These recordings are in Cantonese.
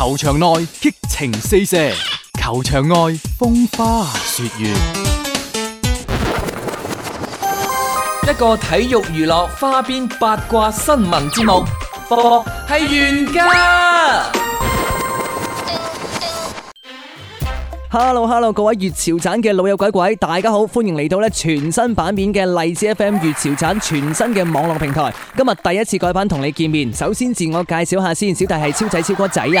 球場內激情四射，球場外風花雪月。一個體育娛樂花邊八卦新聞節目，播係原家。 hello Hello，各位粵潮站嘅老友鬼鬼，大家好，歡迎嚟到呢全新版面嘅荔枝 FM 粵潮站全新嘅網絡平台。今日第一次改版同你見面，首先自我介紹下先，小弟係釗仔釗哥仔啊。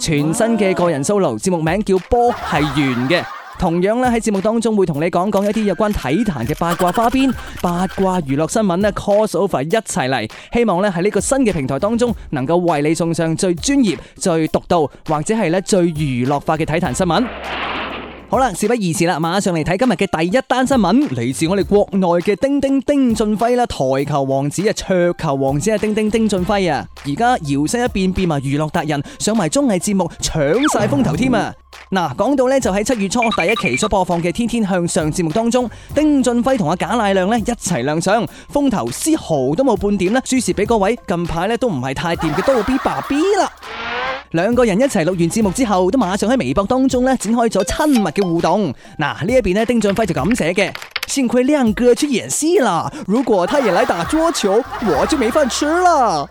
全新嘅個人 solo 節目名叫波係圓嘅，同樣咧喺節目當中會同你講講一啲有關體壇嘅八卦花邊、八卦娛樂新聞呢，cross over 一齊嚟，希望咧喺呢個新嘅平台當中，能夠為你送上最專業、最獨到，或者係咧最娛樂化嘅體壇新聞。好啦，事不宜遲啦，馬上嚟睇今日嘅第一單新聞，嚟自我哋國內嘅丁丁丁俊暉啦，台球王子啊，桌球王子啊，丁丁丁俊暉啊，而家搖身一變，變埋娛樂達人，上埋綜藝節目搶晒風頭添啊！嗱，講到呢就喺七月初第一期所播放嘅《天天向上》節目當中，丁俊暉同阿賈乃亮呢一齊亮相，風頭絲毫都冇半點咧，輸蝕俾各位近排呢都唔係太掂嘅都逗逼爸 B 啦。兩個人一齊錄完節目之後，都馬上喺微博當中呢展開咗親密嘅互動。嗱、啊，呢一邊咧，丁俊暉就咁寫嘅：幸虧靚哥去演戲啦，如果他也來打桌球，我就沒飯吃了。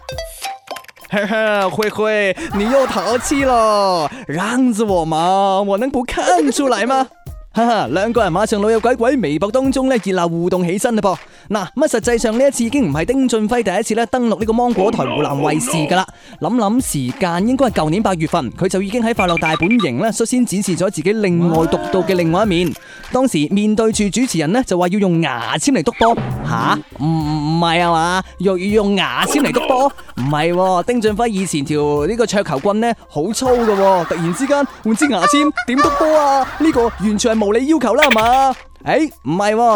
呵呵，灰灰，你又淘氣咯，讓着我嘛，我能不看出來嗎？哈哈，兩個人馬上老友鬼，鬼鬼，微博當中呢熱熱鬧互動起身嘞噃。嗱，乜實際上呢一次已經唔係丁俊暉第一次咧登陸呢個芒果台湖南衛視噶啦，諗諗時間應該係舊年八月份，佢就已經喺快樂大本營咧率先展示咗自己另外獨到嘅另外一面。當時面對住主持人呢，就話要用牙籤嚟篤波吓，唔唔係啊嘛，又要用牙籤嚟篤波，唔係，丁俊暉以前條呢個桌球棍呢，好粗噶，突然之間換支牙籤點篤波啊？呢個完全係無理要求啦，係嘛？誒，唔係，哎，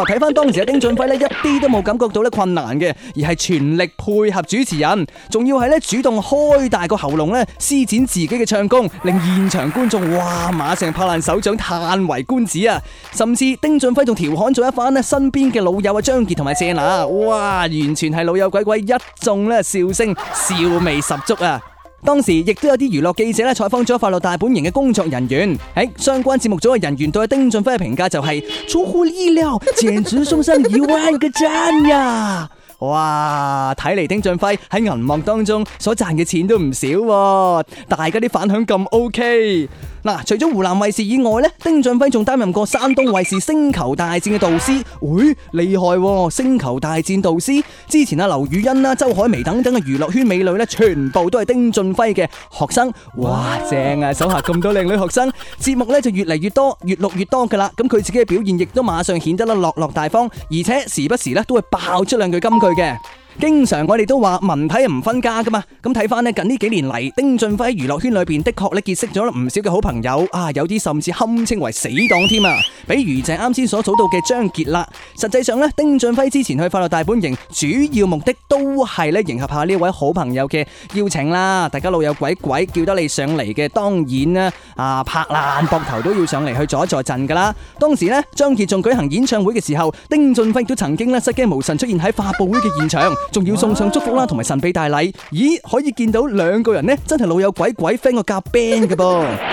睇翻，啊，當時嘅丁俊暉呢一啲都冇感覺到咧困難嘅，而係全力配合主持人，仲要係咧主動開大個喉嚨咧施展自己嘅唱功，令現場觀眾哇馬上拍爛手掌，嘆為觀止啊！甚至丁俊暉仲調侃咗一番咧，身邊嘅老友啊張傑同埋謝娜啊，哇，完全係老友鬼鬼一眾咧，笑聲笑味十足啊！當時亦都有啲娛樂記者咧採訪咗《快樂大本營》嘅工作人員，喺、欸、相關節目組嘅人員對丁俊暉嘅評價就係、是、 出乎意料，簡直送上一萬個讚呀！哇，睇嚟丁俊暉喺銀幕當中所賺嘅錢都唔少，啊，大家啲反響咁 OK。嗱，除咗湖南衛視以外咧，丁俊暉仲擔任過山東衛視《星球大戰》嘅導師，會厲害喎，《星球大戰》導師之前啊，劉雨欣啦、周海媚等等嘅娛樂圈美女咧，全部都係丁俊暉嘅學生，哇，正啊！手下咁多靚女學生，節目咧就越嚟越多，越錄越多噶啦。咁佢自己嘅表現亦都馬上顯得啦落落大方，而且時不時咧都會爆出兩句金句嘅。經常我哋都話文體唔分家噶嘛，咁睇翻咧近呢幾年嚟，丁俊暉喺娛樂圈裏邊的確咧結識咗唔少嘅好朋友啊，有啲甚至堪稱為死黨添啊。比如正啱先所講到嘅張傑啦，實際上咧，丁俊暉之前去快樂大本營主要目的都係咧迎合下呢位好朋友嘅邀請啦。大家老友鬼鬼叫得你上嚟嘅，當然啦啊拍爛膊頭都要上嚟去坐一坐陣噶啦。當時咧張傑仲舉行演唱會嘅時候，丁俊暉都曾經咧失驚無神出現喺發佈會嘅現場。仲要送上祝福啦，同埋神秘大禮。咦，可以見到兩個人呢，真係老友鬼鬼 friend 個夾 band 嘅噃。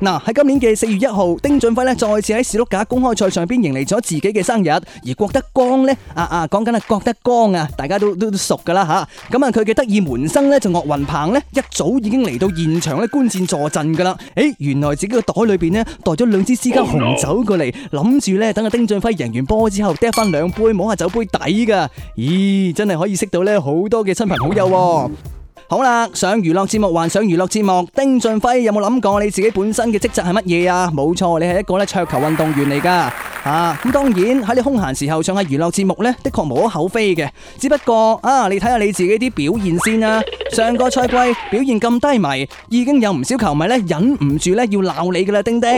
嗱，喺今年嘅四月一號，丁俊暉咧再次喺史碌架公開賽上邊迎嚟咗自己嘅生日，而郭德綱咧啊，啊講緊啊郭德綱啊，大家都都熟噶啦吓，咁啊佢嘅得意門生咧就岳雲鵬咧一早已經嚟到現場咧觀戰助陣噶啦，誒，原來自己個袋裏邊咧袋咗兩支私家紅酒過嚟，諗住咧等阿丁俊暉贏完波之後，掟翻兩杯摸下酒杯底噶，咦真係可以識到咧好多嘅親朋好友。好啦，上娛樂節目還上娛樂節目，丁俊暉有冇諗過你自己本身嘅職責係乜嘢啊？冇錯，你係一個咧桌球運動員嚟噶，啊，咁當然喺你空閒時候上下娛樂節目咧，的確無可厚非嘅。只不過啊，你睇下你自己啲表現先啦。上個賽季表現咁低迷，已經有唔少球迷咧忍唔住咧要鬧你噶啦，丁丁，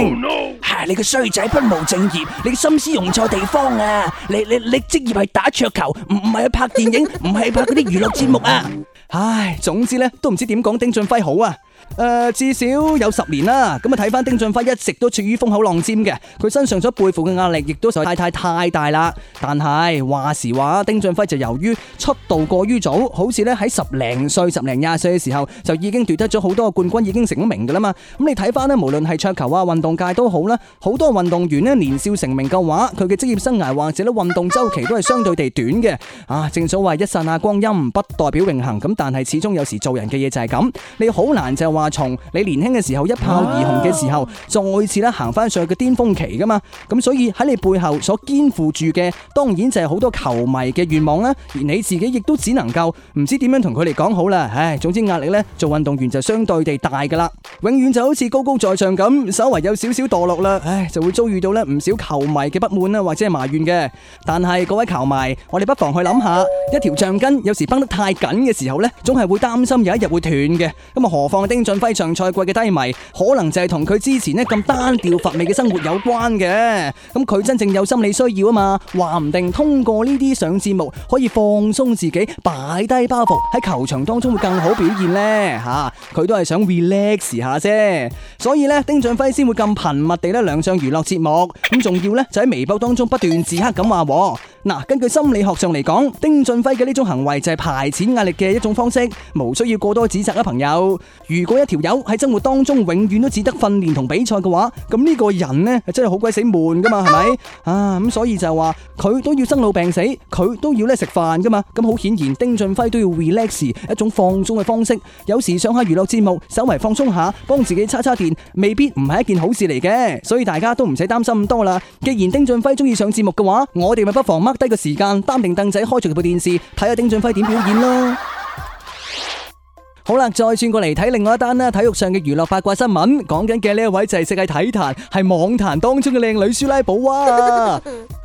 係你個衰仔不務正業，你嘅心思用錯地方啊！你你你職業係打桌球，唔唔係去拍電影，唔係拍嗰啲娛樂節目啊！唉，總之呢，都唔知點講丁俊暉好啊。誒、呃，至少有十年啦。咁啊，睇翻丁俊暉一直都處於風口浪尖嘅，佢身上所背負嘅壓力亦都太太太大啦。但係話時話，丁俊暉就由於出道過於早，好似咧喺十零歲，十零廿歲嘅時候就已經奪得咗好多嘅冠軍，已經成咗名噶啦嘛。咁你睇翻呢，無論係桌球啊、運動界都好啦，好多運動員呢年少成名嘅話，佢嘅職業生涯或者呢運動周期都係相對地短嘅。啊，正所謂一剎那光陰不代表永恒。咁但係始終有時做人嘅嘢就係咁，你好難就。就話從你年輕嘅時候一炮而紅嘅時候，再次咧行翻上去嘅巔峰期噶嘛？咁所以喺你背後所肩負住嘅，當然就係好多球迷嘅願望啦。而你自己亦都只能夠唔知點樣同佢哋講好啦。唉，總之壓力呢，做運動員就相對地大噶啦。永遠就好似高高在上咁，稍為有少少墮落啦，唉，就會遭遇到呢唔少球迷嘅不滿啊，或者係埋怨嘅。但係各位球迷，我哋不妨去諗下，一條橡筋有時繃得太緊嘅時候呢，總係會擔心有一日會斷嘅。咁啊，何況丁俊暉上賽季嘅低迷，可能就係同佢之前呢咁單調乏味嘅生活有關嘅。咁佢真正有心理需要啊嘛，話唔定通過呢啲上節目可以放鬆自己，擺低包袱喺球場當中會更好表現呢。吓、啊，佢都係想 relax 下啫，所以呢，丁俊暉先會咁頻密地咧亮相娛樂節目。咁仲要呢，就喺微博當中不斷自黑咁話。嗱，根據心理學上嚟講，丁俊暉嘅呢種行為就係排遣壓力嘅一種方式，無需要過多指責啊，朋友。如果一條友喺生活當中永遠都只得訓練同比賽嘅話，咁呢個人咧，真係好鬼死悶噶嘛，係咪？啊，咁所以就話佢都要生老病死，佢都要咧食飯噶嘛。咁好顯然，丁俊暉都要 relax 一種放鬆嘅方式，有時上下娛樂節目，稍微放鬆下，幫自己叉叉電，未必唔係一件好事嚟嘅。所以大家都唔使擔心咁多啦。既然丁俊暉中意上節目嘅話，我哋咪不妨乜？低個時間，擔定凳仔，開住部電視睇下丁俊暉點表演咯。 好啦，再轉過嚟睇另外一單咧，體育上嘅娛樂八卦新聞，講緊嘅呢一位就係世界體壇係網壇當中嘅靚女舒拉寶啊。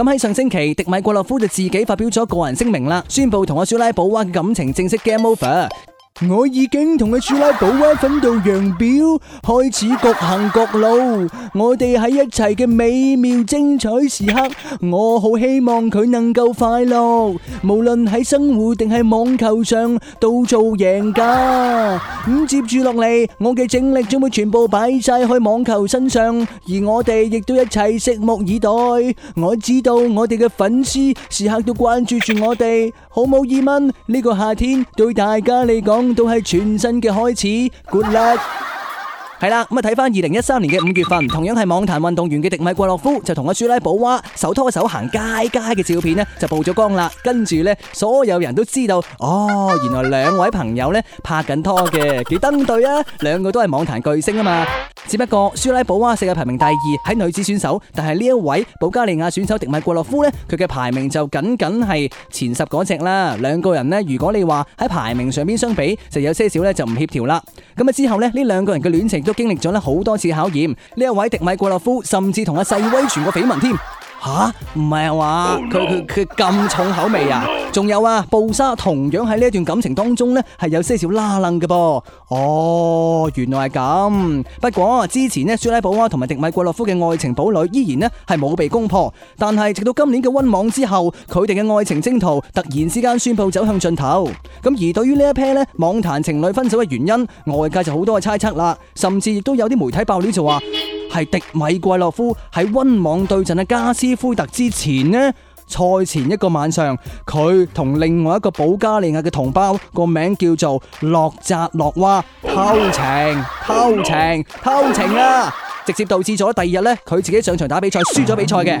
咁喺上星期，迪米郭洛夫就自己發表咗個人聲明啦，宣布同阿小拉寶娃嘅感情正式 game over。我已經同阿舒拉保威分道揚鑣，開始各行各路。我哋喺一齊嘅美妙精彩時刻，我好希望佢能夠快樂。無論喺生活定係網球上，都做贏家。咁、嗯、接住落嚟，我嘅精力將會全部擺晒去網球身上，而我哋亦都一齊拭目以待。我知道我哋嘅粉絲時刻都關注住我哋，毫冇疑問。呢、這個夏天對大家嚟講。都係全新嘅開始，good luck。係啦，咁啊睇翻二零一三年嘅五月份，同樣係網壇運動員嘅迪米季洛夫就同阿莎拉波娃手拖手行街街嘅照片咧，就曝咗光啦。跟住咧，所有人都知道，哦，原來兩位朋友咧拍緊拖嘅，幾登對啊！兩個都係網壇巨星啊嘛。只不過舒拉保娃世界排名第二喺女子選手，但係呢一位保加利亞選手迪米過洛夫呢佢嘅排名就僅僅係前十嗰隻啦。兩個人呢，如果你話喺排名上邊相比，就有些少呢就唔協調啦。咁啊之後呢，呢兩個人嘅戀情都經歷咗呢好多次考驗，呢一位迪米過洛夫甚至同阿世威傳過緋聞添。吓，唔係啊嘛，佢佢佢咁重口味啊！仲有啊，布沙同樣喺呢一段感情當中咧，係有些少拉楞嘅噃。哦，原來係咁。不過啊，之前咧，舒拉保娃同埋迪米季洛夫嘅愛情堡壘依然咧係冇被攻破。但係直到今年嘅溫網之後，佢哋嘅愛情征途突然之間宣布走向盡頭。咁而對於呢一 pair 咧，網壇情侶分手嘅原因，外界就好多嘅猜測啦，甚至亦都有啲媒體爆料就話係迪米季洛夫喺溫網對陣阿加斯，斯夫特之前呢，賽前一個晚上，佢同另外一個保加利亞嘅同胞，個名叫做洛扎洛娃偷情偷情偷情啊！直接導致咗第二日呢，佢自己上場打比賽，輸咗比賽嘅。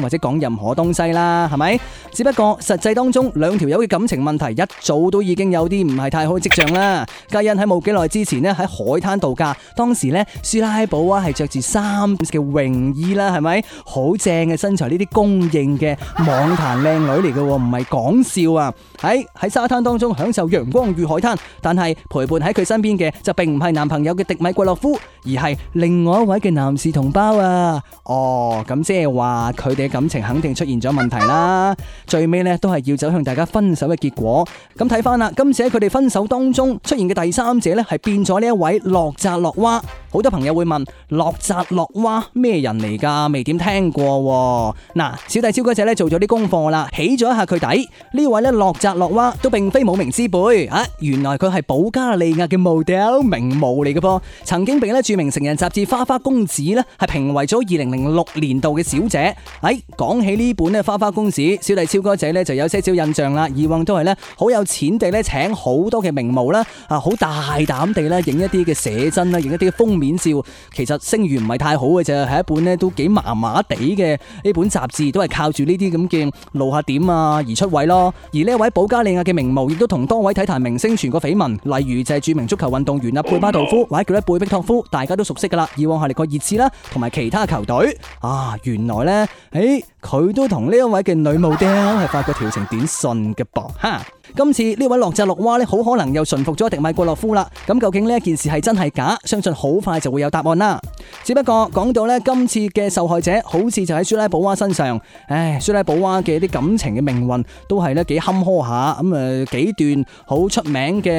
或者講任何東西啦，係咪？只不過實際當中兩條友嘅感情問題一早都已經有啲唔係太好嘅跡象啦。嘉欣喺冇幾耐之前呢，喺海灘度假，當時呢，舒拉波娃係着住三色嘅泳衣啦，係咪？好正嘅身材，呢啲公認嘅網壇靚女嚟嘅，唔係講笑啊！喺、哎、喺沙灘當中享受陽光與海灘，但係陪伴喺佢身邊嘅就並唔係男朋友嘅迪米季洛夫。而係另外一位嘅男士同胞啊！哦，咁即係話佢哋嘅感情肯定出現咗問題啦，最尾呢都係要走向大家分手嘅結果。咁睇翻，啦，今次喺佢哋分手當中出現嘅第三者呢，係變咗呢一位洛扎洛娃。好多朋友會問洛澤洛娃咩人嚟噶？未點聽過嗱，小弟超哥仔咧做咗啲功課啦，起咗一下佢底。呢位咧洛澤洛娃都並非無名之輩吓、啊，原來佢係保加利亞嘅 model 名模嚟嘅噃，曾經被咧著名成人雜誌《花花公子》咧係評為咗二零零六年度嘅小姐。喺、哎、講起呢本咧《花花公子》，小弟超哥仔咧就有些少印象啦，以往都係咧好有錢地咧請好多嘅名模啦，啊好大膽地咧影一啲嘅寫真啦，影一啲嘅封面。面笑，其實聲譽唔係太好嘅啫，係一本咧都幾麻麻地嘅呢本雜誌，都係靠住呢啲咁嘅露下點啊而出位咯。而呢位保加利亞嘅名模，亦都同多位體壇明星傳過緋聞，例如就係著名足球運動員啊貝巴托夫，或者叫呢貝比托夫，大家都熟悉㗎啦。以往係嚟過熱刺啦，同埋其他球隊啊，原來呢，誒、欸、佢都同呢一位嘅女模特係發過調情短信嘅噃，嚇。今次呢位洛澤洛娃呢，好可能又馴服咗迪米戈洛夫啦。咁究竟呢件事係真係假？相信好快就會有答案啦。只不過講到咧，今次嘅受害者好似就喺舒拉寶娃身上。唉，舒拉寶娃嘅啲感情嘅命運都係咧幾坎坷下。咁誒，幾段好出名嘅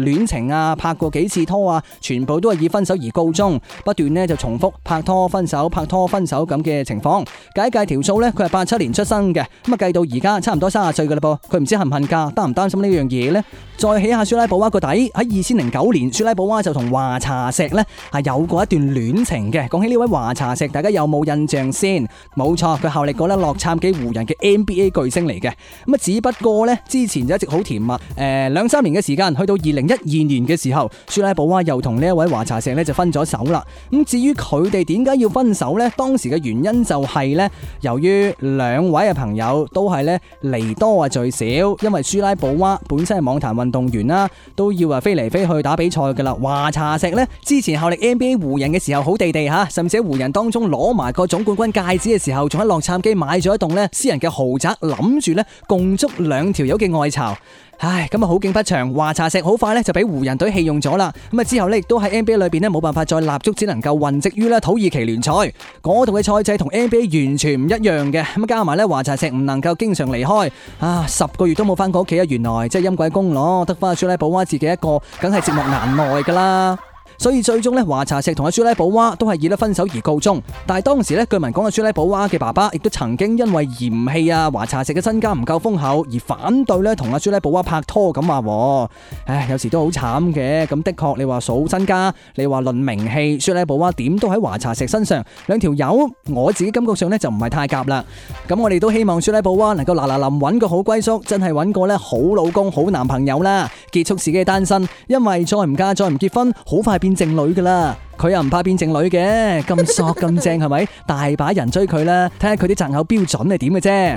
誒戀情啊，拍過幾次拖啊，全部都係以分手而告終。不斷咧就重複拍拖分手、拍拖分手咁嘅情況。計一計條數咧，佢係八七年出生嘅，咁啊計到而家差唔多三十歲噶啦噃。佢唔知恨唔恨嫁，擔唔擔心呢樣嘢咧？再起下舒拉寶娃個底，喺二千零九年，舒拉寶娃就同華茶石咧係有過一段戀情嘅，講起呢位華茶石，大家有冇印象先？冇錯，佢效力過咧洛杉磯湖人嘅 NBA 巨星嚟嘅。咁啊，只不過呢，之前就一直好甜蜜。誒、呃，兩三年嘅時間，去到二零一二年嘅時候，舒拉保娃又同呢一位華茶石呢就分咗手啦。咁至於佢哋點解要分手呢？當時嘅原因就係、是、呢：由於兩位嘅朋友都係呢嚟多啊最少，因為舒拉保娃本身係網壇運動員啦，都要話飛嚟飛去打比賽噶啦。華茶石呢，之前效力 NBA 湖人嘅時候。好地地吓，甚至喺湖人當中攞埋個總冠軍戒指嘅時候，仲喺洛杉磯買咗一棟咧私人嘅豪宅，諗住咧共築兩條友嘅外巢。唉，咁啊好景不長，華查石好快咧就俾湖人隊棄用咗啦。咁啊之後咧亦都喺 NBA 裏邊咧冇辦法再立足，只能夠混跡於咧土耳其聯賽。嗰度嘅賽制同 NBA 完全唔一樣嘅。咁加埋咧華查石唔能夠經常離開，啊十個月都冇翻過屋企啊！原來即係陰鬼公咯，得翻朱利普娃自己一個，梗係寂寞難耐噶啦。所以最終咧，華茶石同阿朱拉寶娃都係以咧分手而告終。但係當時咧，據聞講阿朱拉寶娃嘅爸爸亦都曾經因為嫌棄啊華茶石嘅身家唔夠豐厚而反對咧同阿朱拉寶娃拍拖，咁話唉，有時都好慘嘅。咁的確，你話數身家，你話論名氣，舒拉寶娃點都喺華茶石身上。兩條友，我自己感覺上呢就唔係太夾啦。咁我哋都希望舒拉寶娃能夠嗱嗱臨揾個好歸宿，真係揾個咧好老公、好男朋友啦，結束自己嘅單身。因為再唔嫁、再唔結婚，好快。變剩女噶啦，佢又唔怕變剩女嘅，咁索咁正係咪？ 大把人追佢啦，睇下佢啲擇偶標準係點嘅啫。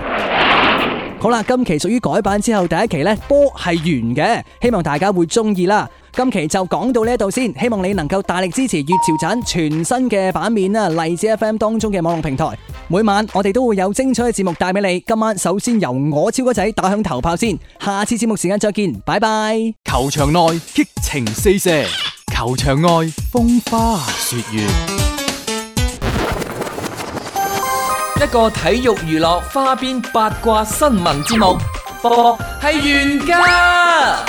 好啦，今期屬於改版之後第一期呢，波係圓嘅，希望大家會中意啦。今期就講到呢一度先，希望你能夠大力支持《粵潮盞》全新嘅版面啦。荔枝 FM 當中嘅網絡平台，每晚我哋都會有精彩嘅節目帶俾你。今晚首先由我超哥仔打響頭炮先，下次節目時間再見，拜拜！球場內激情四射。球場外，風花雪月。一個體育娛樂花邊八卦新聞節目，播係原家。